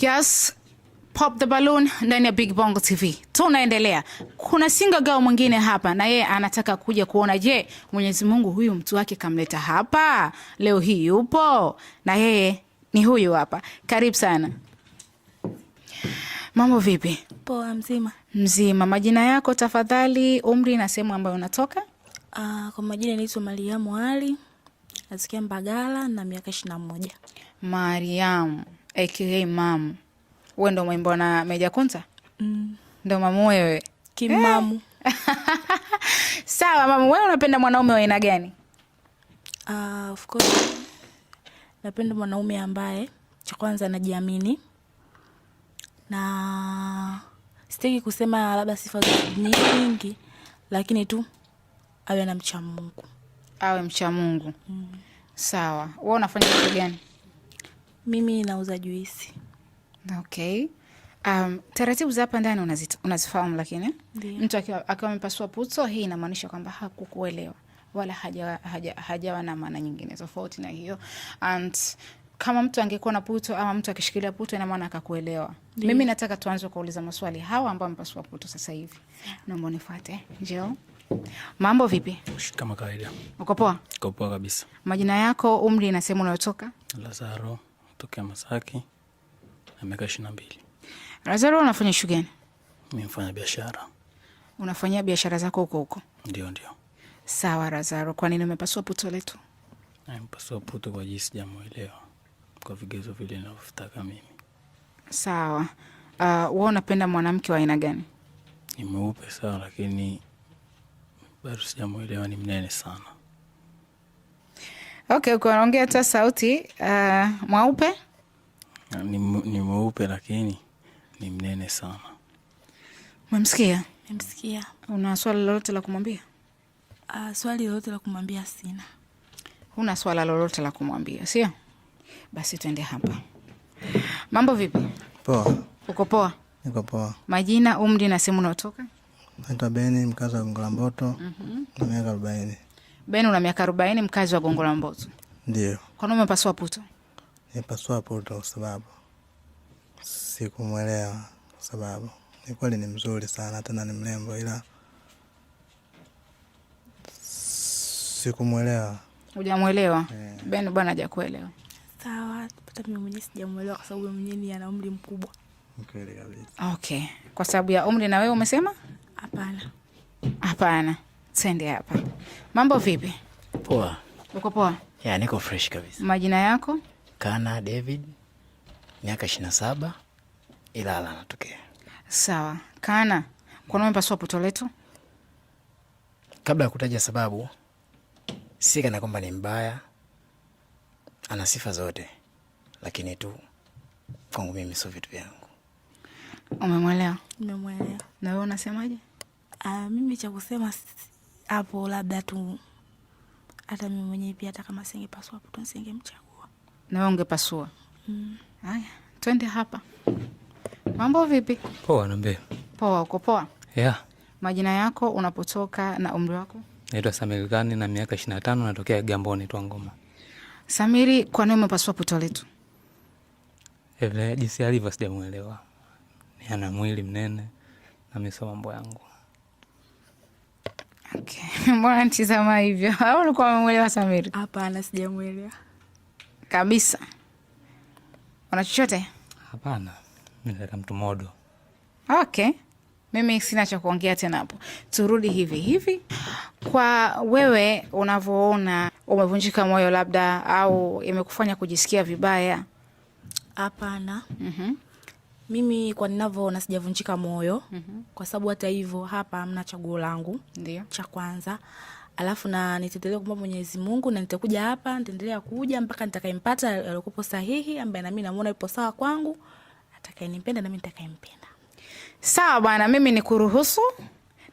Yes, pop the balloon ndani ya Big Bongo TV tunaendelea. Kuna singa gao mwingine hapa, na yeye anataka kuja kuona, je, Mwenyezi Mungu huyu mtu wake kamleta hapa leo hii yupo na yeye, ni huyu hapa. Karibu sana. Mambo vipi? Poa, mzima. Mzima. Majina yako tafadhali, umri na sehemu ambayo unatoka? Uh, kwa majina naitwa Mariamu Ali, nasikia Mbagala na miaka ishirini na moja. Mariamu aka mamu. uwe ndo mwimbo na Meja Kunta? Mm. Ndo mamu wewe. Kimamu. Hey. Sawa mamu, wewe unapenda mwanaume wa aina gani? Uh, of Napenda mwanaume ambaye cha kwanza anajiamini na sitaki kusema labda sifa nyingi, lakini tu awe na mcha Mungu, awe mcha Mungu. Mm. Sawa, we unafanya kitu gani? Mimi nauza juisi. Okay. Um, taratibu za hapa ndani unazifahamu, unazifahamu lakini Deo. Mtu akiwa amepasua puto, hii inamaanisha kwamba hakukuelewa wala hajawa haja, haja na maana nyingine tofauti na hiyo and kama mtu angekuwa na puto ama mtu akishikilia puto, ina maana akakuelewa. Mimi nataka tuanze kuuliza maswali hawa ambao wamepasua puto sasa hivi, naomba nifuate. Njoo. Mambo vipi? Kama kawaida. Uko poa? Uko poa kabisa. Majina yako, umri na sehemu unayotoka? Lazaro tokea Masaki na miaka ishirini na mbili. Lazaro, unafanya shughuli gani? Mi mfanya biashara. Unafanyia biashara zako huko huko? Ndio, ndio. Sawa Lazaro, kwa nini umepasua puto letu? Nimepasua puto kwa jinsi jamwelewa, kwa vigezo vile navyovitaka mimi. Sawa. Uh, wewe unapenda mwanamke wa aina gani? Ni mweupe sawa, lakini bado sijamwelewa, ni mnene sana. Okay, uko naongea hata sauti. Uh, mweupe ni, ni mweupe lakini ni mnene sana. Umemsikia? Nimemsikia. Una swali lolote la kumwambia? Uh, swali lolote la kumwambia sina. Una swala lolote la kumwambia, sio? Basi tuende hapa. Mambo vipi? Poa. Uko poa? Niko poa. Majina, umri na sehemu unaotoka? Naitwa Beni, mkazi wa Gongo la Mboto, mhm. na miaka arobaini. Ben, una miaka arobaini, mkazi wa Gongo la Mboto. Ndio. Kwa nini umepasua puto? Nipasua puto kwa sababu sikumwelewa, kwa sababu ni kweli ni mzuri sana, tena ni mrembo, ila sikumwelewa. Hujamwelewa? Yeah. Ben bwana hajakuelewa. Sawa, hata mimi mwenyewe sijamwelewa, kwa sababu mwenyewe ni ana umri mkubwa. Kweli kabisa. Okay, kwa sababu ya umri na wewe umesema hapana? Hapana. Twende hapa. Mambo vipi? Poa. Uko poa? Yeah, niko fresh kabisa. Majina yako? Kana David, miaka saba Ilala natokea. Sawa. Kana, kwa nini umepasua puto letu? Kabla ya kutaja sababu, si kana kwamba ni mbaya, ana sifa zote, lakini tu kwangu mimi sio vitu vyangu. Umemwelewa? Nimemwelewa. Na wewe unasemaje? Uh, mimi cha kusema hapo labda tu hata mimi mwenyewe pia hata kama singepasua hapo tu Na wewe ungepasua? Mm. Haya, twende hapa. Mambo vipi? Poa, niambie. Poa, uko poa? Yeah. Majina yako, unapotoka na umri wako? Naitwa Samiri Kani na miaka 25 natokea Gamboni twa Ngoma. Samiri, kwa nini umepasua puto letu? Ehe, jinsi alivyo sijamuelewa. Ni ana mwili mnene na misoma mambo yangu. Mbona nitizama hivyo? Au ulikuwa umemwelewa Samiri? Hapana, sijamwelewa kabisa. Una chochote? Hapana, mimi nataka mtu modo. Okay, mimi sina cha kuongea tena hapo. Turudi hivi hivi, kwa wewe unavyoona, umevunjika moyo labda, au imekufanya kujisikia vibaya? Hapana. mm -hmm. Mimi kwa ninavyoona sijavunjika moyo mm -hmm. kwa sababu hata hivyo hapa mna chaguo langu Ndiyo. cha kwanza alafu na nitaendelea kuomba Mwenyezi Mungu na nitakuja hapa, nitaendelea kuja mpaka nitakayempata alikupo sahihi, ambaye nami namuona yupo sawa kwangu, atakayenipenda nami nitakayempenda. Sawa bwana, mimi ni kuruhusu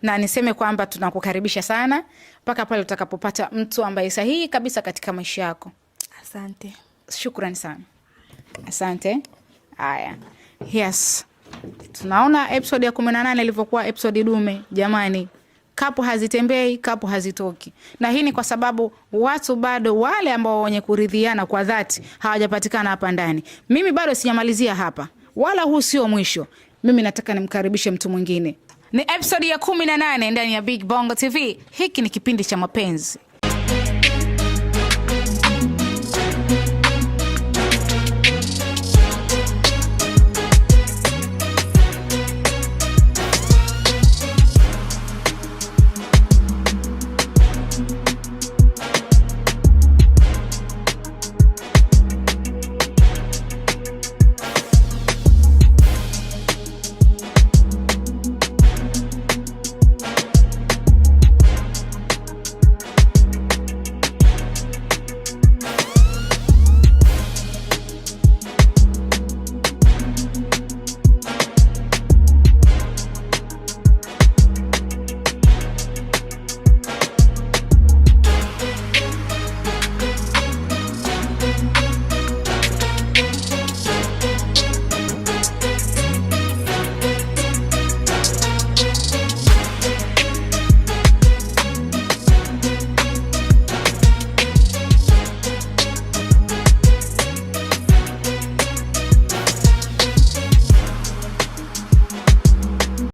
na niseme kwamba tunakukaribisha sana mpaka pale utakapopata mtu ambaye sahihi kabisa katika maisha yako. Asante, shukrani sana, asante. Haya. Yes. Tunaona episode ya 18 ilivyokuwa episode dume jamani. Kapu hazitembei, kapu hazitoki, na hii ni kwa sababu watu bado wale ambao wenye kuridhiana kwa dhati hawajapatikana hapa ndani. Mimi bado sijamalizia hapa, wala huu sio mwisho. Mimi nataka nimkaribishe mtu mwingine. Ni episode ya 18 ndani ya Big Bongo TV. Hiki ni kipindi cha mapenzi